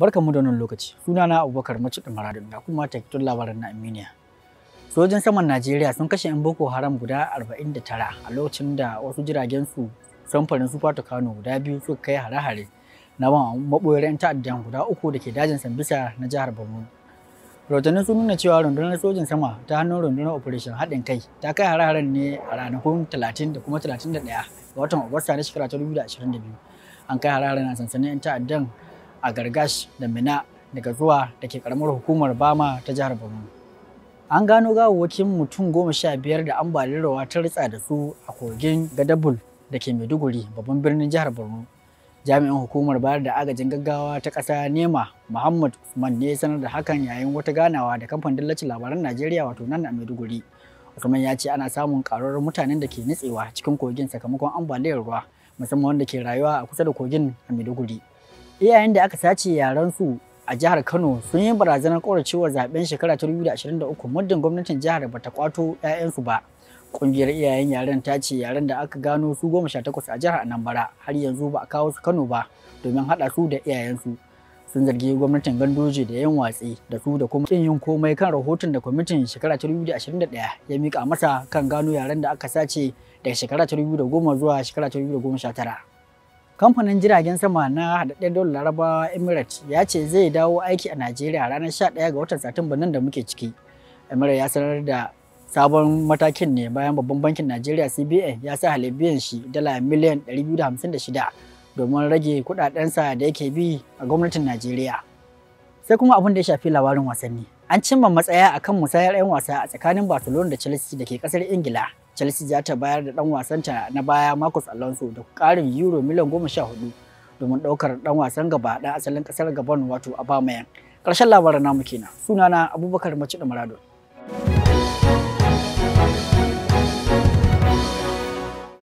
Barkan mu da wannan lokaci. Sunana Abubakar Maci Maradun da kuma takaitun labaran na Aminiya. Sojin saman Najeriya sun kashe 'yan Boko Haram guda 49 a lokacin da wasu jiragen su samfarin Super kano guda biyu suka kai hare-hare na maɓoyar 'yan ta'addan guda uku da ke dajin Sambisa na jihar Borno. Rahotanni sun nuna cewa rundunar sojin sama ta hannun rundunar Operation Haɗin Kai ta kai hare ne a ranakun 30 da kuma 31 ga watan Agusta na shekara 2022. An kai hare-haren a sansanin 'yan ta'addan a gargash da mina daga zuwa da ke karamar hukumar bama ta jihar borno an gano gawawwakin mutum goma sha biyar da ambaliyar rawa ta ritsa da su a kogin gadabul da ke maiduguri babban birnin jihar borno jami'in hukumar bayar da agajin gaggawa ta ƙasa nema muhammad usman ne sanar da hakan yayin wata ganawa da kamfanin dillacin labaran najeriya wato nan a maiduguri usman ya ce ana samun karuwar mutanen da ke nutsewa cikin kogin sakamakon ambaliyar ruwa musamman wanda ke rayuwa a kusa da kogin a maiduguri iyayen da aka sace yaran su a jihar Kano sun yi barazanar koracewar zaben shekara ta 2023 muddin gwamnatin jihar ba ta kwato 'ya'yansu ba. Ƙungiyar iyayen yaren ta ce yaren da aka gano su goma a jihar Anambra har yanzu ba a kawo su Kano ba domin haɗa su da iyayensu. Sun zargi gwamnatin gandoji da yin watsi da su da kuma kin yin komai kan rahoton da kwamitin shekara ta 2021 ya mika masa kan gano yaren da aka sace daga shekara ta 2010 zuwa shekara ta 2019. Kamfanin jiragen sama na haɗaɗɗen dole Larabawa Emirates ya ce zai dawo aiki a Najeriya ranar 11 ga watan Satumba nan da muke ciki. Emirates ya sanar da sabon matakin ne bayan babban bankin Najeriya CBN ya sa halibiyan shi dala miliyan 256 domin rage kudadensa da yake bi a gwamnatin Najeriya. Sai kuma abin da ya shafi labarin wasanni. An cimma matsaya a kan musayar 'yan wasa a tsakanin Barcelona da Chelsea da ke kasar Ingila. Chelsea za ta bayar da dan wasanta na baya Marcus Alonso da ƙarin euro miliyan goma sha hudu domin ɗaukar ɗan wasan gaba ɗan asalin ƙasar Gabon wato Abamayan. Ƙarshen labarin namu kenan. Sunana Abubakar Mace da Maradon.